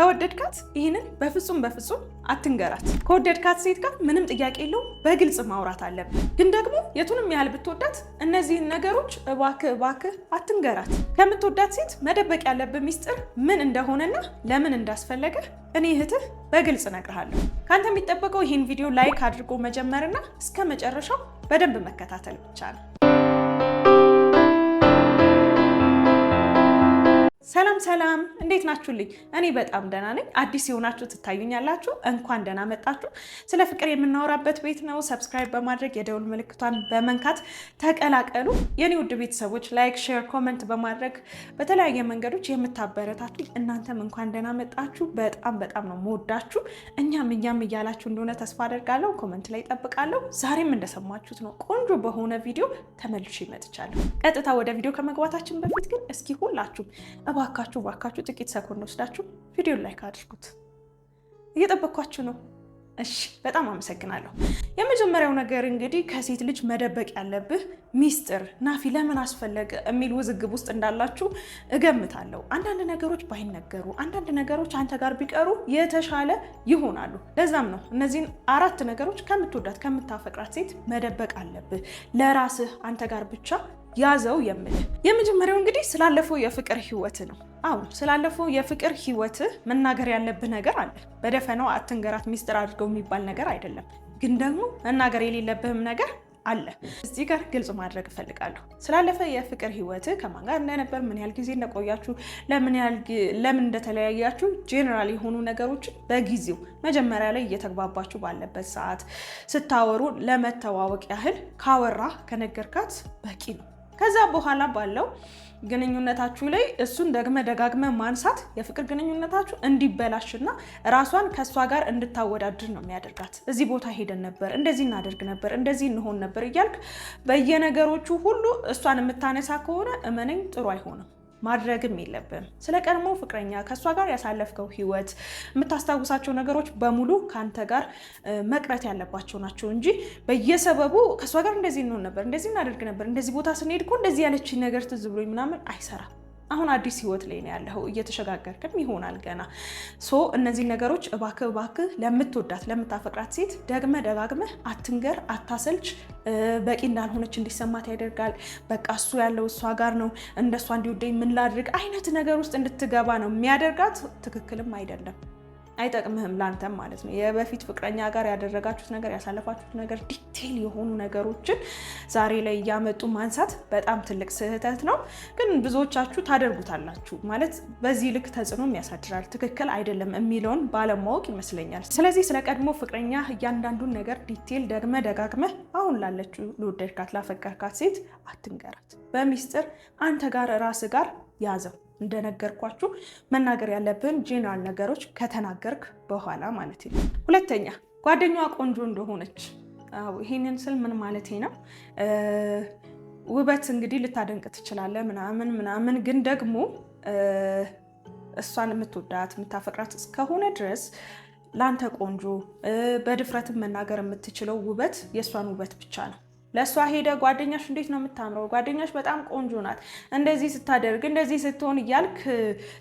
ከወደድካት ይህንን በፍጹም በፍጹም አትንገራት። ከወደድካት ሴት ጋር ምንም ጥያቄ የለውም በግልጽ ማውራት አለብ ግን ደግሞ የቱንም ያህል ብትወዳት እነዚህን ነገሮች እባክህ እባክህ አትንገራት። ከምትወዳት ሴት መደበቅ ያለብህ ሚስጥር ምን እንደሆነና ለምን እንዳስፈለገ እኔ እህትህ በግልጽ እነግርሃለሁ። ከአንተ የሚጠበቀው ይህን ቪዲዮ ላይክ አድርጎ መጀመርና እስከ መጨረሻው በደንብ መከታተል ብቻ ነው። ሰላም ሰላም፣ እንዴት ናችሁልኝ? እኔ በጣም ደህና ነኝ። አዲስ የሆናችሁ ትታዩኛላችሁ፣ እንኳን ደህና መጣችሁ። ስለ ፍቅር የምናወራበት ቤት ነው። ሰብስክራይብ በማድረግ የደውል ምልክቷን በመንካት ተቀላቀሉ። የኔ ውድ ቤተሰቦች፣ ላይክ፣ ሼር፣ ኮመንት በማድረግ በተለያየ መንገዶች የምታበረታቱኝ እናንተም እንኳን ደህና መጣችሁ። በጣም በጣም ነው መወዳችሁ። እኛም እኛም እያላችሁ እንደሆነ ተስፋ አደርጋለሁ። ኮመንት ላይ ጠብቃለሁ። ዛሬም እንደሰማችሁት ነው ቆንጆ በሆነ ቪዲዮ ተመልሼ መጥቻለሁ። ቀጥታ ወደ ቪዲዮ ከመግባታችን በፊት ግን እስኪ ሁላችሁም እባካችሁ እባካችሁ ጥቂት ሰኮንድ ወስዳችሁ ቪዲዮን ላይክ አድርጉት። እየጠበኳችሁ ነው። እሺ፣ በጣም አመሰግናለሁ። የመጀመሪያው ነገር እንግዲህ ከሴት ልጅ መደበቅ ያለብህ ሚስጥር ናፊ ለምን አስፈለገ የሚል ውዝግብ ውስጥ እንዳላችሁ እገምታለሁ። አንዳንድ ነገሮች ባይነገሩ፣ አንዳንድ ነገሮች አንተ ጋር ቢቀሩ የተሻለ ይሆናሉ። ለዛም ነው እነዚህን አራት ነገሮች ከምትወዳት ከምታፈቅራት ሴት መደበቅ አለብህ፣ ለራስህ አንተ ጋር ብቻ ያዘው የምልህ። የመጀመሪያው እንግዲህ ስላለፈው የፍቅር ህይወት ነው። አዎ ስላለፈው የፍቅር ህይወት መናገር ያለብህ ነገር አለ። በደፈነው አትንገራት ሚስጥር አድርገው የሚባል ነገር አይደለም። ግን ደግሞ መናገር የሌለብህም ነገር አለ። እዚህ ጋር ግልጽ ማድረግ እፈልጋለሁ። ስላለፈ የፍቅር ህይወት ከማን ጋር እንደነበር፣ ምን ያህል ጊዜ እንደቆያችሁ፣ ለምን እንደተለያያችሁ ጄኔራል የሆኑ ነገሮችን በጊዜው መጀመሪያ ላይ እየተግባባችሁ ባለበት ሰዓት ስታወሩ ለመተዋወቅ ያህል ካወራ ከነገርካት በቂ ነው። ከዛ በኋላ ባለው ግንኙነታችሁ ላይ እሱን ደግመ ደጋግመ ማንሳት የፍቅር ግንኙነታችሁ እንዲበላሽና ራሷን ከእሷ ጋር እንድታወዳድር ነው የሚያደርጋት። እዚህ ቦታ ሄደን ነበር፣ እንደዚህ እናደርግ ነበር፣ እንደዚህ እንሆን ነበር እያልክ በየነገሮቹ ሁሉ እሷን የምታነሳ ከሆነ እመነኝ ጥሩ አይሆንም። ማድረግም የለብም። ስለ ቀድሞ ፍቅረኛ፣ ከእሷ ጋር ያሳለፍከው ህይወት፣ የምታስታውሳቸው ነገሮች በሙሉ ከአንተ ጋር መቅረት ያለባቸው ናቸው እንጂ በየሰበቡ ከእሷ ጋር እንደዚህ እንሆን ነበር፣ እንደዚህ እናደርግ ነበር፣ እንደዚህ ቦታ ስንሄድ እኮ እንደዚህ ያለች ነገር ትዝ ብሎኝ ምናምን አይሰራም። አሁን አዲስ ህይወት ላይ ነው ያለው። እየተሸጋገርክም ይሆናል ገና ሶ እነዚህ ነገሮች እባክህ እባክህ ለምትወዳት ለምታፈቅራት ሴት ደግመ ደጋግመህ አትንገር፣ አታሰልች። በቂ እንዳልሆነች እንዲሰማት ያደርጋል። በቃ እሱ ያለው እሷ ጋር ነው፣ እንደሷ እንዲወደኝ ምን ላድርግ አይነት ነገር ውስጥ እንድትገባ ነው የሚያደርጋት። ትክክልም አይደለም። አይጠቅምህም ላንተም ማለት ነው። የበፊት ፍቅረኛ ጋር ያደረጋችሁት ነገር ያሳለፋችሁት ነገር ዲቴል የሆኑ ነገሮችን ዛሬ ላይ እያመጡ ማንሳት በጣም ትልቅ ስህተት ነው። ግን ብዙዎቻችሁ ታደርጉታላችሁ። ማለት በዚህ ልክ ተጽዕኖም ያሳድራል፣ ትክክል አይደለም የሚለውን ባለማወቅ ይመስለኛል። ስለዚህ ስለ ቀድሞ ፍቅረኛ እያንዳንዱን ነገር ዲቴል ደግመ ደጋግመህ አሁን ላለችው ለወደድካት ላፈቀርካት ሴት አትንገራት። በሚስጥር አንተ ጋር ራስ ጋር ያዘው። እንደነገርኳችሁ መናገር ያለብን ጄኔራል ነገሮች ከተናገርክ በኋላ ማለት ነው። ሁለተኛ ጓደኛዋ ቆንጆ እንደሆነች። ይህንን ስል ምን ማለቴ ነው? ውበት እንግዲህ ልታደንቅ ትችላለ ምናምን ምናምን፣ ግን ደግሞ እሷን የምትወዳት የምታፈቅራት እስከሆነ ድረስ ለአንተ ቆንጆ በድፍረትም መናገር የምትችለው ውበት የእሷን ውበት ብቻ ነው። ለእሷ ሄደ ጓደኛሽ እንዴት ነው የምታምረው፣ ጓደኛሽ በጣም ቆንጆ ናት፣ እንደዚህ ስታደርግ እንደዚህ ስትሆን እያልክ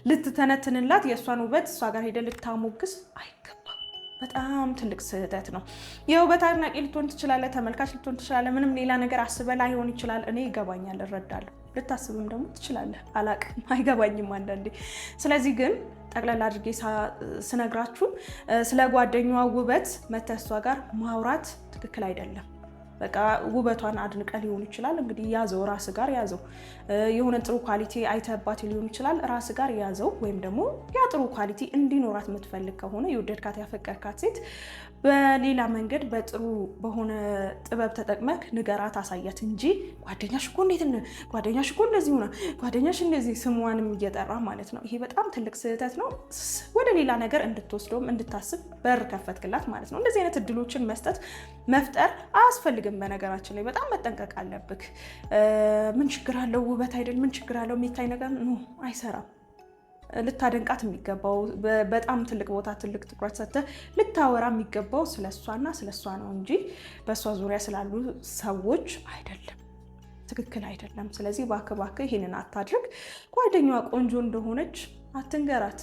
ልትተነትንላት፣ የእሷን ውበት እሷ ጋር ሄደ ልታሞግስ አይገባም። በጣም ትልቅ ስህተት ነው። የውበት አድናቂ ልትሆን ትችላለህ፣ ተመልካች ልትሆን ትችላለህ። ምንም ሌላ ነገር አስበህ ላይሆን ይችላል። እኔ ይገባኛል፣ እረዳለሁ። ልታስብም ደግሞ ትችላለህ። አላቅም፣ አይገባኝም አንዳንዴ። ስለዚህ ግን ጠቅላላ አድርጌ ስነግራችሁ ስለ ጓደኛዋ ውበት መተሷ ጋር ማውራት ትክክል አይደለም። በቃ ውበቷን አድንቀ ሊሆን ይችላል እንግዲህ ያዘው፣ ራስ ጋር ያዘው። የሆነ ጥሩ ኳሊቲ አይተባት ሊሆን ይችላል ራስ ጋር ያዘው። ወይም ደግሞ ያ ጥሩ ኳሊቲ እንዲኖራት የምትፈልግ ከሆነ የወደድካት ያፈቀርካት ሴት በሌላ መንገድ በጥሩ በሆነ ጥበብ ተጠቅመክ ንገራት፣ አሳያት እንጂ ጓደኛሽ እኮ እንዴት ጓደኛሽ እኮ እንደዚህ ሆና ጓደኛሽ እንደዚህ ስሟንም እየጠራ ማለት ነው። ይሄ በጣም ትልቅ ስህተት ነው። ወደ ሌላ ነገር እንድትወስደውም እንድታስብ በር ከፈትክላት ማለት ነው። እንደዚህ አይነት እድሎችን መስጠት መፍጠር አያስፈልግም። በነገራችን ላይ በጣም መጠንቀቅ አለብክ። ምን ችግር አለው? ውበት አይደል? ምን ችግር አለው? የሚታይ ነገር አይሰራም። ልታደንቃት የሚገባው በጣም ትልቅ ቦታ ትልቅ ትኩረት ሰጥተህ ልታወራ የሚገባው ስለ እሷና ስለ እሷ ነው እንጂ በእሷ ዙሪያ ስላሉ ሰዎች አይደለም። ትክክል አይደለም። ስለዚህ እባክህ እባክህ ይህንን አታድርግ። ጓደኛዋ ቆንጆ እንደሆነች አትንገራት።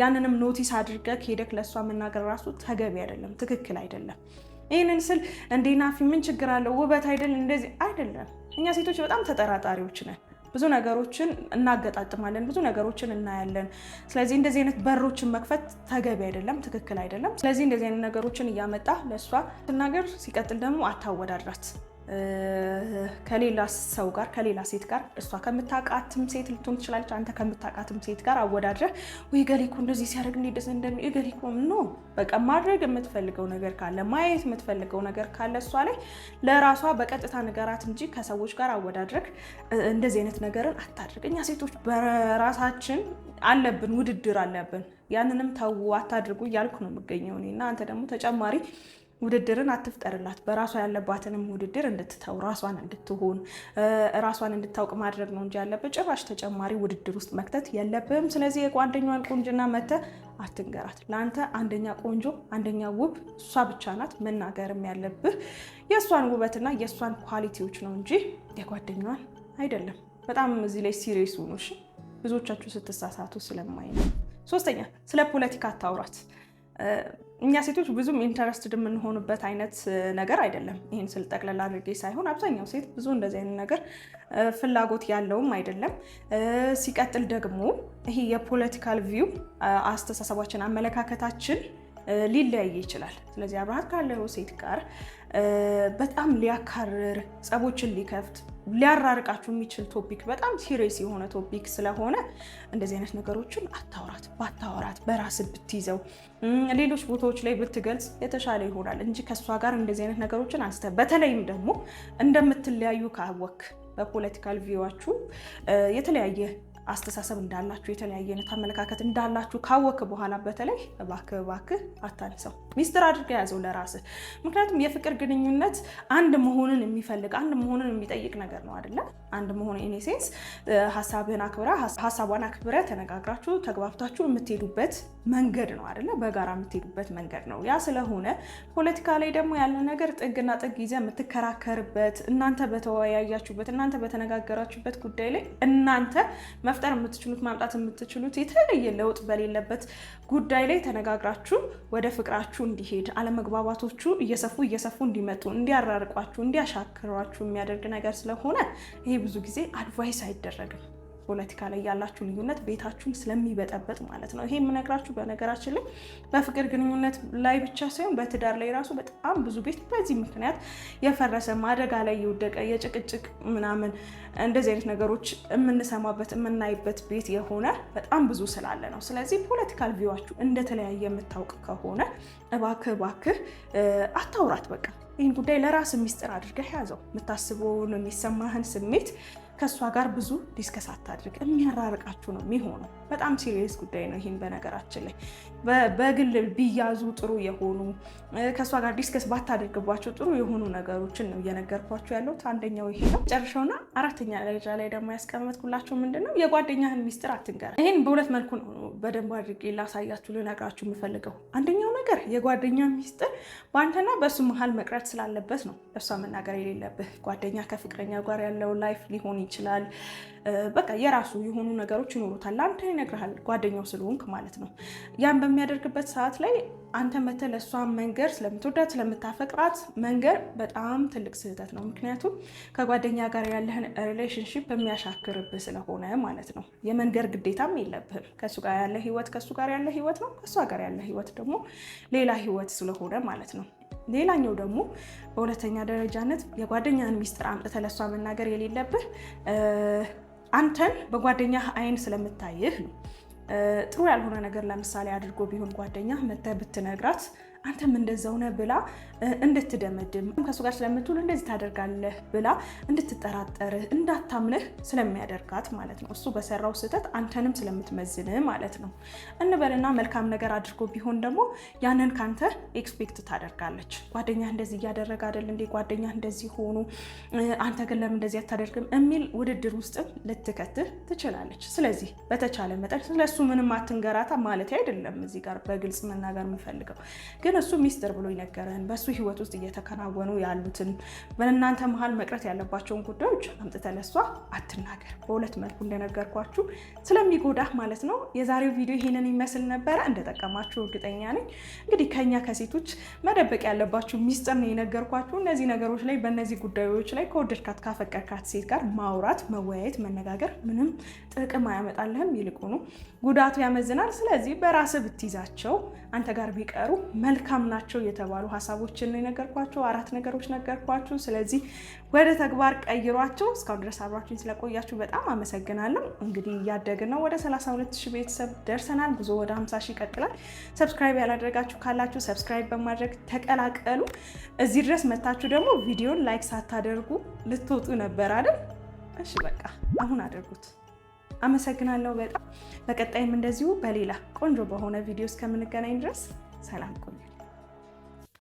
ያንንም ኖቲስ አድርገህ ሄደህ ለእሷ መናገር ራሱ ተገቢ አይደለም፣ ትክክል አይደለም። ይህንን ስል እንዴ ናፊ ምን ችግር አለው ውበት አይደል እንደዚህ አይደለም። እኛ ሴቶች በጣም ተጠራጣሪዎች ነን። ብዙ ነገሮችን እናገጣጥማለን፣ ብዙ ነገሮችን እናያለን። ስለዚህ እንደዚህ አይነት በሮችን መክፈት ተገቢ አይደለም፣ ትክክል አይደለም። ስለዚህ እንደዚህ አይነት ነገሮችን እያመጣ ለእሷ ስናገር፣ ሲቀጥል ደግሞ አታወዳድራት። ከሌላ ሰው ጋር ከሌላ ሴት ጋር እሷ ከምታውቃትም ሴት ልትሆን ትችላለች። አንተ ከምታውቃትም ሴት ጋር አወዳድረህ ወይ እገሌ እኮ እንደዚህ ሲያደርግ እንዲደስ እንደሚ እገሌ እኮ በቃ ማድረግ የምትፈልገው ነገር ካለ ማየት የምትፈልገው ነገር ካለ እሷ ላይ ለራሷ በቀጥታ ንገራት እንጂ ከሰዎች ጋር አወዳድረግ እንደዚህ አይነት ነገርን አታድርግ። እኛ ሴቶች በራሳችን አለብን፣ ውድድር አለብን። ያንንም ተው አታድርጉ እያልኩ ነው የምገኘው እኔ እና አንተ ደግሞ ተጨማሪ ውድድርን አትፍጠርላት። በራሷ ያለባትንም ውድድር እንድትተው ራሷን እንድትሆን ራሷን እንድታውቅ ማድረግ ነው እንጂ ያለበት ጭራሽ ተጨማሪ ውድድር ውስጥ መክተት የለብህም። ስለዚህ የጓደኛዋን ቁንጅና መተህ አትንገራት። ለአንተ አንደኛ ቆንጆ፣ አንደኛ ውብ እሷ ብቻ ናት። መናገርም ያለብህ የእሷን ውበትና የእሷን ኳሊቲዎች ነው እንጂ የጓደኛዋን አይደለም። በጣም እዚህ ላይ ሲሪየስ ሁኑ እሺ። ብዙዎቻችሁ ስትሳሳቱ ስለማይ ነው። ሶስተኛ ስለ ፖለቲካ አታውራት። እኛ ሴቶች ብዙም ኢንተረስትድ የምንሆንበት አይነት ነገር አይደለም። ይህን ስል ጠቅለላ አድርጌ ሳይሆን አብዛኛው ሴት ብዙ እንደዚህ አይነት ነገር ፍላጎት ያለውም አይደለም። ሲቀጥል ደግሞ ይሄ የፖለቲካል ቪው አስተሳሰባችን፣ አመለካከታችን ሊለያይ ይችላል። ስለዚህ አብረሃት ካለው ሴት ጋር በጣም ሊያካርር ጸቦችን ሊከፍት ሊያራርቃችሁ የሚችል ቶፒክ በጣም ሲሪየስ የሆነ ቶፒክ ስለሆነ እንደዚህ አይነት ነገሮችን አታውራት ባታወራት በራስ ብትይዘው ሌሎች ቦታዎች ላይ ብትገልጽ የተሻለ ይሆናል እንጂ ከእሷ ጋር እንደዚህ አይነት ነገሮችን አንስተ በተለይም ደግሞ እንደምትለያዩ ካወክ በፖለቲካል ቪዋችሁ የተለያየ አስተሳሰብ እንዳላችሁ የተለያየ አይነት አመለካከት እንዳላችሁ ካወክ በኋላ በተለይ እባክህ እባክህ አታንሰው፣ ሚስጥር አድርገህ ያዘው ለራስህ። ምክንያቱም የፍቅር ግንኙነት አንድ መሆንን የሚፈልግ አንድ መሆንን የሚጠይቅ ነገር ነው አይደለ? አንድ መሆን ኢኔሴንስ ሀሳብህን አክብራ ሀሳቧን አክብረ ተነጋግራችሁ ተግባብታችሁ የምትሄዱበት መንገድ ነው አይደለ? በጋራ የምትሄዱበት መንገድ ነው። ያ ስለሆነ ፖለቲካ ላይ ደግሞ ያለ ነገር ጥግና ጥግ ይዘህ የምትከራከርበት እናንተ በተወያያችሁበት እናንተ በተነጋገራችሁበት ጉዳይ ላይ እናንተ መፍጠር የምትችሉት ማምጣት የምትችሉት የተለየ ለውጥ በሌለበት ጉዳይ ላይ ተነጋግራችሁ ወደ ፍቅራችሁ እንዲሄድ አለመግባባቶቹ እየሰፉ እየሰፉ እንዲመጡ እንዲያራርቋችሁ፣ እንዲያሻክሯችሁ የሚያደርግ ነገር ስለሆነ ይሄ ብዙ ጊዜ አድቫይስ አይደረግም። ፖለቲካ ላይ ያላችሁ ልዩነት ቤታችሁን ስለሚበጠበጥ ማለት ነው። ይሄ የምነግራችሁ በነገራችን ላይ በፍቅር ግንኙነት ላይ ብቻ ሳይሆን በትዳር ላይ ራሱ በጣም ብዙ ቤት በዚህ ምክንያት የፈረሰ አደጋ ላይ የወደቀ የጭቅጭቅ ምናምን እንደዚህ አይነት ነገሮች የምንሰማበት የምናይበት ቤት የሆነ በጣም ብዙ ስላለ ነው። ስለዚህ ፖለቲካል ቪዋችሁ እንደተለያየ የምታውቅ ከሆነ እባክህ እባክህ አታውራት። በቃ ይህን ጉዳይ ለራስ ሚስጥር አድርገህ ያዘው። የምታስበውን የሚሰማህን ስሜት ከእሷ ጋር ብዙ ዲስከስ አታድርግ። የሚያራርቃችሁ ነው የሚሆኑ። በጣም ሲሪየስ ጉዳይ ነው። ይህም በነገራችን ላይ በግል ቢያዙ ጥሩ የሆኑ ከእሷ ጋር ዲስከስ ባታደርግባቸው ጥሩ የሆኑ ነገሮችን ነው እየነገርኳቸው ያለሁት። አንደኛው ይሄ ነው። መጨረሻውና አራተኛ ደረጃ ላይ ደግሞ ያስቀመጥኩላቸው ምንድን ነው የጓደኛህን ሚስጥር አትንገረን። ይህን በሁለት መልኩ ነው በደንብ አድርጌ ላሳያችሁ ልነግራችሁ የምፈልገው አንደኛው ነገር የጓደኛ ሚስጥር በአንተና በእሱ መሀል መቅረት ስላለበት ነው። እሷ መናገር የሌለብህ ጓደኛ ከፍቅረኛ ጋር ያለው ላይፍ ሊሆን ይችላል በቃ የራሱ የሆኑ ነገሮች ይኖሩታል። አንተ ይነግርሃል ጓደኛው ስለሆንክ ማለት ነው። ያን በሚያደርግበት ሰዓት ላይ አንተ መተህ ለእሷ መንገር ስለምትወዳት ስለምታፈቅራት መንገር በጣም ትልቅ ስህተት ነው። ምክንያቱም ከጓደኛ ጋር ያለህን ሪሌሽንሽፕ የሚያሻክርብህ ስለሆነ ማለት ነው። የመንገር ግዴታም የለብህም። ከእሱ ጋር ያለ ህይወት ከእሱ ጋር ያለ ህይወት ነው። ከእሷ ጋር ያለ ህይወት ደግሞ ሌላ ህይወት ስለሆነ ማለት ነው። ሌላኛው ደግሞ በሁለተኛ ደረጃነት የጓደኛን ሚስጥር አምጥተህ ለእሷ መናገር የሌለብህ አንተን በጓደኛህ አይን ስለምታይህ ነው። ጥሩ ያልሆነ ነገር ለምሳሌ አድርጎ ቢሆን ጓደኛህ መተህ ብትነግራት አንተም እንደዛው ነህ ብላ እንድትደመድም ከእሱ ጋር ስለምትውል እንደዚህ ታደርጋለህ ብላ እንድትጠራጠርህ እንዳታምንህ ስለሚያደርጋት ማለት ነው። እሱ በሰራው ስህተት አንተንም ስለምትመዝን ማለት ነው። እንበልና መልካም ነገር አድርጎ ቢሆን ደግሞ ያንን ካንተ ኤክስፔክት ታደርጋለች። ጓደኛ እንደዚህ እያደረገ አይደል እንዴ? ጓደኛ እንደዚህ ሆኑ፣ አንተ ግን ለምን እንደዚህ አታደርግም? የሚል ውድድር ውስጥም ልትከትህ ትችላለች። ስለዚህ በተቻለ መጠን ስለሱ ምንም አትንገራታ ማለት አይደለም። እዚህ ጋር በግልጽ መናገር የምፈልገው ግን ግን እሱ ሚስጥር ብሎ ይነገረን በእሱ ህይወት ውስጥ እየተከናወኑ ያሉትን በእናንተ መሀል መቅረት ያለባቸውን ጉዳዮች አምጥተን ለሷ አትናገር። በሁለት መልኩ እንደነገርኳችሁ ስለሚጎዳ ማለት ነው። የዛሬው ቪዲዮ ይህንን ይመስል ነበረ። እንደጠቀማችሁ እርግጠኛ ነኝ። እንግዲህ ከኛ ከሴቶች መደበቅ ያለባችሁ ሚስጥር ነው የነገርኳችሁ። እነዚህ ነገሮች ላይ በእነዚህ ጉዳዮች ላይ ከወደድካት ካፈቀድካት ሴት ጋር ማውራት፣ መወያየት፣ መነጋገር ምንም ጥቅም አያመጣልህም። ይልቁኑ ጉዳቱ ያመዝናል። ስለዚህ በራስህ ብትይዛቸው አንተ ጋር ቢቀሩ መልክ መልካም ናቸው የተባሉ ሀሳቦችን የነገርኳቸው አራት ነገሮች ነገርኳችሁ። ስለዚህ ወደ ተግባር ቀይሯቸው። እስካሁን ድረስ አብራችሁኝ ስለቆያችሁ በጣም አመሰግናለሁ። እንግዲህ እያደግን ነው። ወደ 32 ሺህ ቤተሰብ ደርሰናል። ጉዞ ወደ 50 ሺህ ይቀጥላል። ሰብስክራይብ ያላደረጋችሁ ካላችሁ ሰብስክራይብ በማድረግ ተቀላቀሉ። እዚህ ድረስ መታችሁ ደግሞ ቪዲዮን ላይክ ሳታደርጉ ልትወጡ ነበር አይደል? እሺ በቃ አሁን አድርጉት። አመሰግናለሁ በጣም በቀጣይም እንደዚሁ በሌላ ቆንጆ በሆነ ቪዲዮ እስከምንገናኝ ድረስ ሰላም ቆዩ።